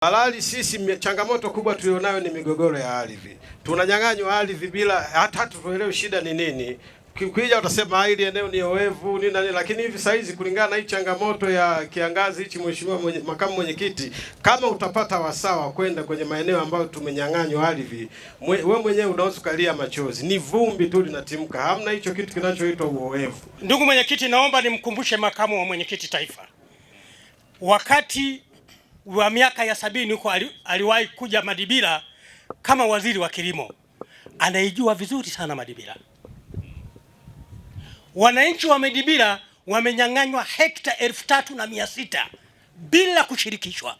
Halali sisi changamoto kubwa tulionayo ni migogoro ya ardhi. Tunanyang'anywa ardhi bila hata tuelewe shida ni nini. Ukija utasema ah, hili eneo ni oevu ni nani, lakini hivi saizi kulingana na hii changamoto ya kiangazi hichi, mheshimiwa mwenye, makamu mwenyekiti, kama utapata wasawa kwenda kwenye maeneo ambayo tumenyang'anywa ardhi, wewe mwenyewe unaweza kalia machozi, ni vumbi tu linatimka, hamna hicho kitu kinachoitwa uoevu. Ndugu mwenyekiti, naomba nimkumbushe makamu wa mwenyekiti taifa wakati wa miaka ya sabini huko aliwahi kuja Madibira kama waziri wa kilimo, anaijua vizuri sana Madibira. Wananchi wa Madibira wamenyang'anywa hekta elfu tatu na mia sita bila kushirikishwa.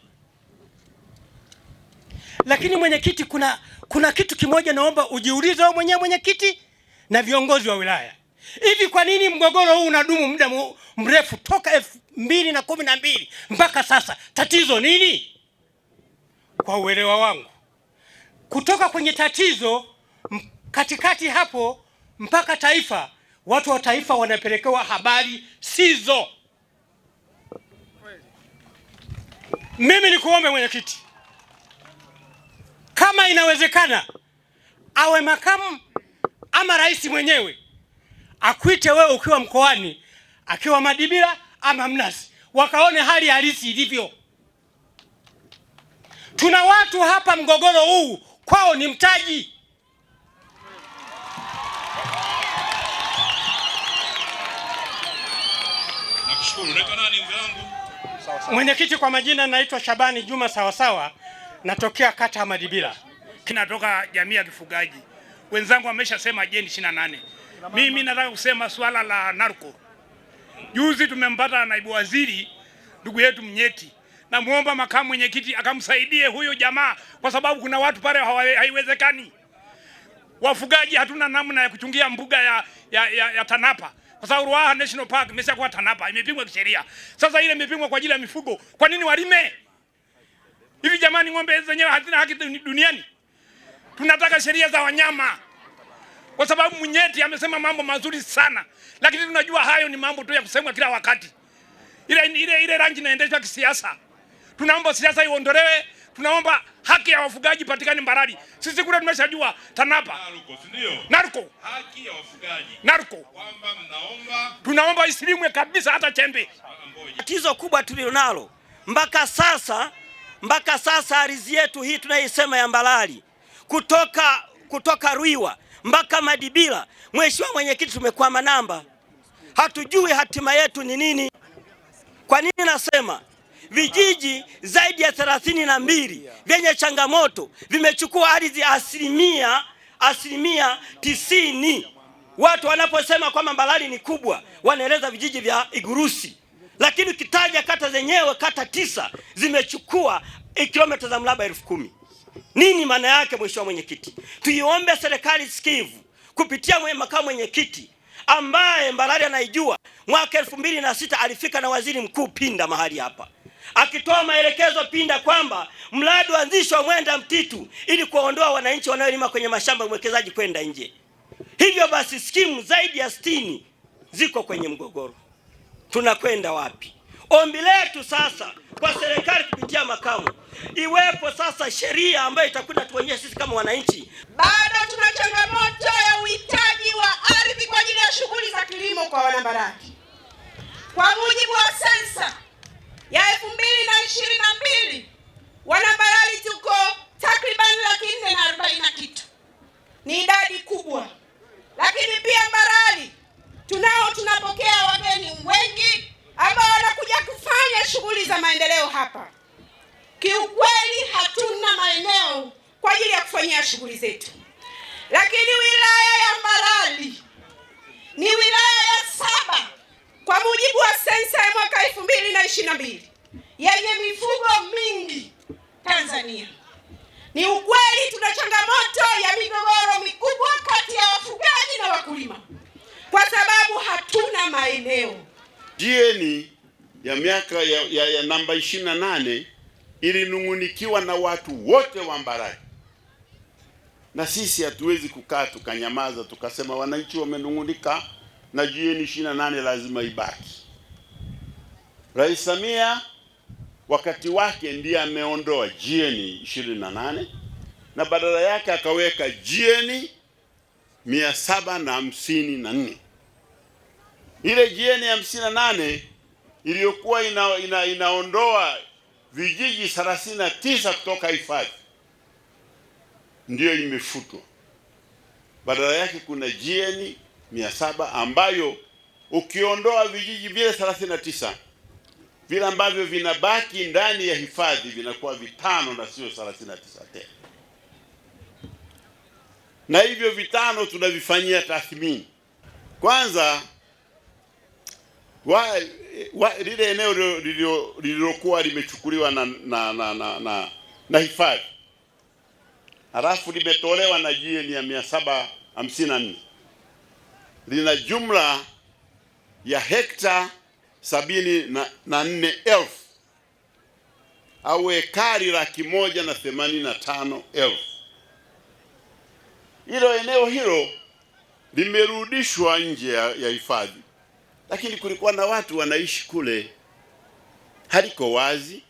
Lakini mwenyekiti, kuna kuna kitu kimoja naomba ujiulize wewe mwenyewe mwenyekiti na viongozi wa wilaya Hivi kwa nini mgogoro huu unadumu muda mrefu toka elfu mbili na kumi na mbili mpaka sasa? Tatizo nini? Kwa uelewa wangu, kutoka kwenye tatizo katikati hapo mpaka taifa, watu wa taifa wanapelekewa habari sizo. Mimi nikuombe mwenyekiti, kama inawezekana awe makamu ama rais mwenyewe akuite wewe ukiwa mkoani, akiwa madibira ama Mnazi, wakaone hali halisi ilivyo. Tuna watu hapa, mgogoro huu kwao ni mtaji. Mwenyekiti, kwa majina naitwa Shabani Juma Sawasawa, natokea kata ya madibira kinatoka jamii ya kifugaji. Wenzangu wameshasema jeni ishirini na nane. Mimi nataka kusema swala la narko. Juzi tumempata naibu waziri ndugu yetu Mnyeti, namwomba makamu mwenyekiti akamsaidie huyo jamaa, kwa sababu kuna watu pale haiwezekani. Wafugaji hatuna namna ya kuchungia mbuga ya, ya, ya, ya Tanapa kwa sababu Ruaha National Park kuwa Tanapa, imepingwa kisheria. Sasa ile imepingwa kwa ajili ya mifugo, kwa nini walime hivi jamani? Ng'ombe zenyewe hazina haki duniani. Tunataka sheria za wanyama kwa sababu Mnyeti amesema mambo mazuri sana, lakini tunajua hayo ni mambo tu ya kusemwa kila wakati. Ile ile ile rangi inaendeshwa kisiasa. Tunaomba siasa iondolewe, tunaomba haki ya wafugaji patikane Mbarali. Sisi kule tumeshajua TANAPA Naruko, ndio Naruko, haki ya wafugaji Naruko, kwamba mnaomba, tunaomba isilimwe kabisa, hata chembe. Tatizo kubwa tulilonalo mpaka sasa, mpaka sasa ardhi yetu hii tunayoisema ya Mbarali kutoka kutoka Ruiwa mpaka Madibila. Mheshimiwa Mwenyekiti, tumekwama namba, hatujui hatima yetu ni nini. Kwa nini nasema vijiji zaidi ya thelathini na mbili vyenye changamoto vimechukua ardhi asilimia asilimia tisini. Watu wanaposema kwamba Mbalali ni kubwa wanaeleza vijiji vya Igurusi, lakini ukitaja kata zenyewe, kata tisa zimechukua kilomita za mraba elfu kumi. Nini maana yake, mheshimiwa mwenyekiti? Tuiombe serikali sikivu kupitia makamu mwenyekiti ambaye Mbarali anaijua, mwaka elfu mbili na sita alifika na waziri mkuu Pinda mahali hapa akitoa maelekezo Pinda kwamba mradi uanzishwe wa mwenda mtitu ili kuwaondoa wananchi wanaolima kwenye mashamba ya mwekezaji kwenda nje. Hivyo basi skimu zaidi ya sitini ziko kwenye mgogoro. Tunakwenda wapi? Ombi letu sasa kwa serikali kupitia makamu, iwepo sasa sheria ambayo itakwenda tuonyeshe sisi kama wananchi. Bado tuna changamoto ya uhitaji wa ardhi kwa ajili ya shughuli za kilimo kwa Wanambaraki. Kwa mujibu wa sensa ya 2022 wanambarali tuko takriban laki nne na arobaini na kitu, ni idadi kubwa, lakini pia Mbarali tunao tunapokea wageni wengi ambao wanakuja kufanya shughuli za maendeleo hapa. Kiukweli hatuna maeneo kwa ajili ya kufanyia shughuli zetu, lakini wilaya ya Mbarali ni wilaya ya saba kwa mujibu wa sensa ya mwaka elfu mbili na ishirini na mbili yenye mifugo mingi Tanzania. Ni ukweli tuna changamoto ya migogoro mikubwa kati ya wafugaji na wakulima kwa sababu hatuna maeneo. GN ya miaka ya, ya, ya namba 28 ilinung'unikiwa na watu wote wa Mbarali, na sisi hatuwezi kukaa tukanyamaza tukasema wananchi wamenung'unika na GN 28 lazima ibaki. Rais Samia wakati wake ndiye ameondoa GN 28 na badala yake akaweka GN 754 na na ile jieni hamsini na nane iliyokuwa ina, ina, inaondoa vijiji thelathini na tisa kutoka hifadhi ndiyo imefutwa. Badala yake kuna GN mia saba ambayo ukiondoa vijiji vile thelathini na tisa vile ambavyo vinabaki ndani ya hifadhi vinakuwa vitano na sio tisa tena, na hivyo vitano tunavifanyia tathmini kwanza wa, wa, lile eneo lililokuwa limechukuliwa na, na, na, na, na, na hifadhi halafu limetolewa na GN ya mia saba hamsini na nne lina jumla ya hekta sabini na, na nne elfu au ekari laki moja na themanini na tano elfu. Hilo eneo hilo limerudishwa nje ya hifadhi lakini kulikuwa na watu wanaishi kule, haliko wazi,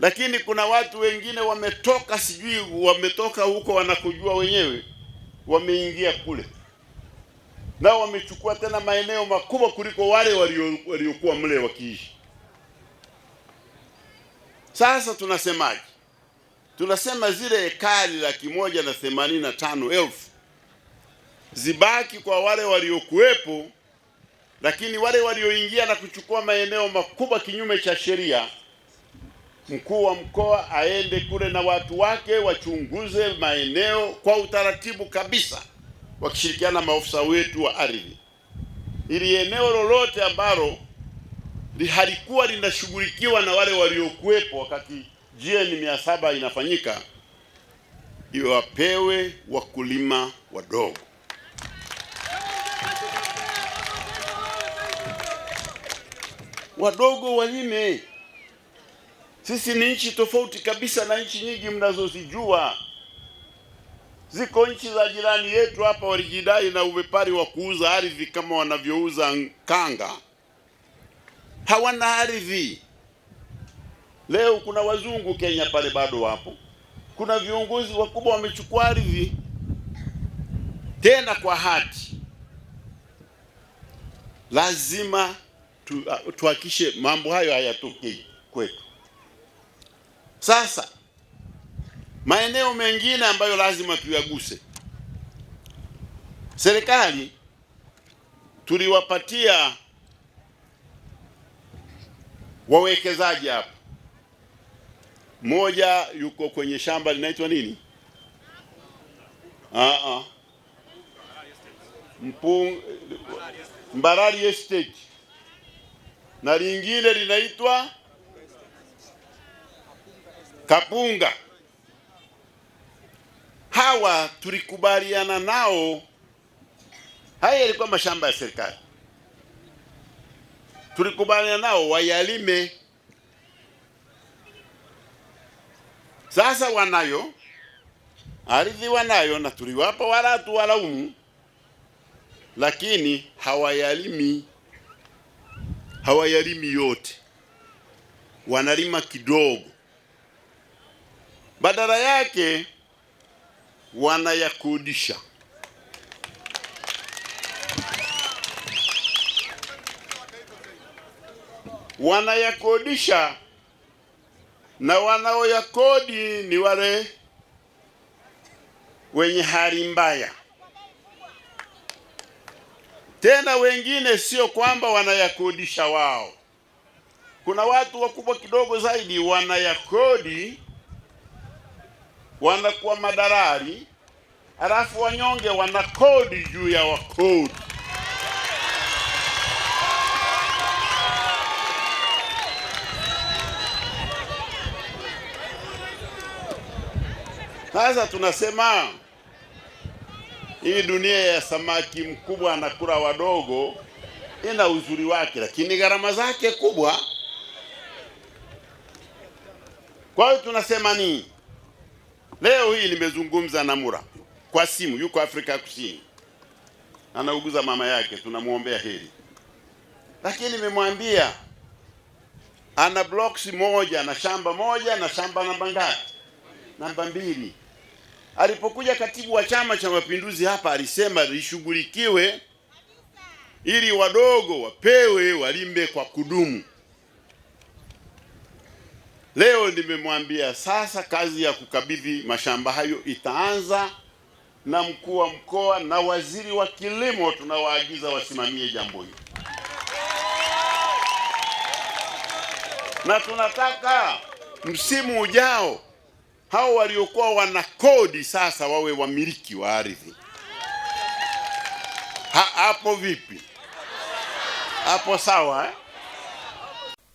lakini kuna watu wengine wametoka, sijui wametoka huko wanakujua wenyewe, wameingia kule nao wamechukua tena maeneo makubwa kuliko wale waliokuwa mle wakiishi. Sasa tunasemaje? Tunasema zile hekari laki moja na themanini na tano elfu zibaki kwa wale waliokuwepo lakini wale walioingia na kuchukua maeneo makubwa kinyume cha sheria, mkuu wa mkoa aende kule na watu wake wachunguze maeneo kwa utaratibu kabisa, wakishirikiana na maofisa wetu wa ardhi, ili eneo lolote ambalo halikuwa linashughulikiwa na wale waliokuwepo wakati GN mia saba inafanyika iwapewe wakulima wadogo. wadogo walime. Sisi ni nchi tofauti kabisa na nchi nyingi mnazozijua. Ziko nchi za jirani yetu hapa walijidai na ubepari wa kuuza ardhi kama wanavyouza kanga, hawana ardhi. Leo kuna wazungu Kenya pale bado wapo, kuna viongozi wakubwa wamechukua ardhi tena kwa hati. Lazima Ah, tuhakikishe mambo hayo hayatokei kwetu. Sasa maeneo mengine ambayo lazima tuyaguse, serikali tuliwapatia wawekezaji hapa, mmoja yuko kwenye shamba linaitwa nini, ah, ah. Mbarali Estate na lingine linaitwa Kapunga. Hawa tulikubaliana nao, haya yalikuwa mashamba ya serikali, tulikubaliana nao wayalime. Sasa wanayo ardhi, wanayo na tuliwapa, wala tu walaumu, lakini hawayalimi hawayalimi yote, wanalima kidogo. Badala yake wanayakodisha. Wanayakodisha na wanaoyakodi ni wale wenye hali mbaya. Tena wengine sio kwamba wanayakodisha wao, kuna watu wakubwa kidogo zaidi wanayakodi, wanakuwa madarari, halafu wanyonge wanakodi juu ya wakodi. Sasa tunasema hii dunia ya samaki mkubwa anakula wadogo ina uzuri wake, lakini gharama zake kubwa. Kwa hiyo tunasema nini leo hii? Nimezungumza na Mura kwa simu, yuko Afrika Kusini, anauguza mama yake, tunamwombea heri, lakini nimemwambia ana blocks moja na shamba moja na shamba namba ngapi? Namba mbili. Alipokuja katibu wa Chama cha Mapinduzi hapa alisema lishughulikiwe ili wadogo wapewe walimbe kwa kudumu. Leo nimemwambia sasa kazi ya kukabidhi mashamba hayo itaanza na mkuu wa mkoa na waziri wa kilimo, tunawaagiza wasimamie jambo hili, na tunataka msimu ujao hao waliokuwa wana kodi sasa wawe wamiliki wa ardhi. Hapo vipi? Hapo sawa eh?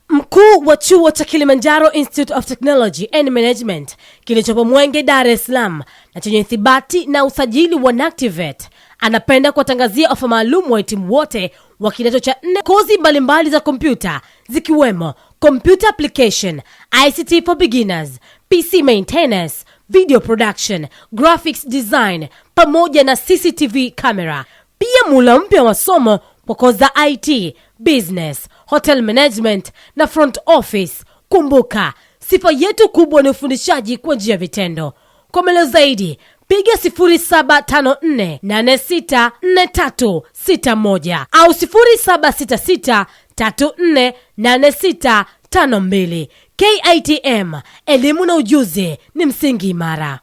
Mkuu wa chuo cha Kilimanjaro Institute of Technology and Management kilichopo Mwenge, Dar es Salaam na chenye thibati na usajili wa NACTVET anapenda kuwatangazia ofa maalum wahitimu wote wa kidato cha nne kozi mbalimbali za kompyuta zikiwemo computer application, ICT for beginners, PC maintenance, video production, graphics design pamoja na CCTV camera. Pia mula mpya wa somo kwa IT, business, hotel management na front office. Kumbuka, sifa yetu kubwa ni ufundishaji kwa njia ya vitendo. Kwa maelezo zaidi piga 0754864361 au 07663486 tano mbili. KITM, elimu na ujuzi ni msingi imara.